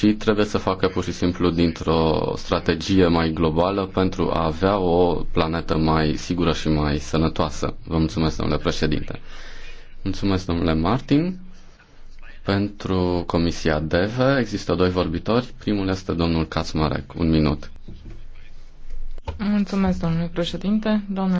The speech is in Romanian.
și trebuie să facă pur și simplu dintr-o strategie mai globală pentru a avea o planetă mai sigură și mai sănătoasă. Vă mulțumesc, domnule președinte. Mulțumesc, domnule Martin. Pentru Comisia DEVE există doi vorbitori. Primul este domnul Kaczmarek. Un minut. Mulțumesc, domnule președinte. Doamne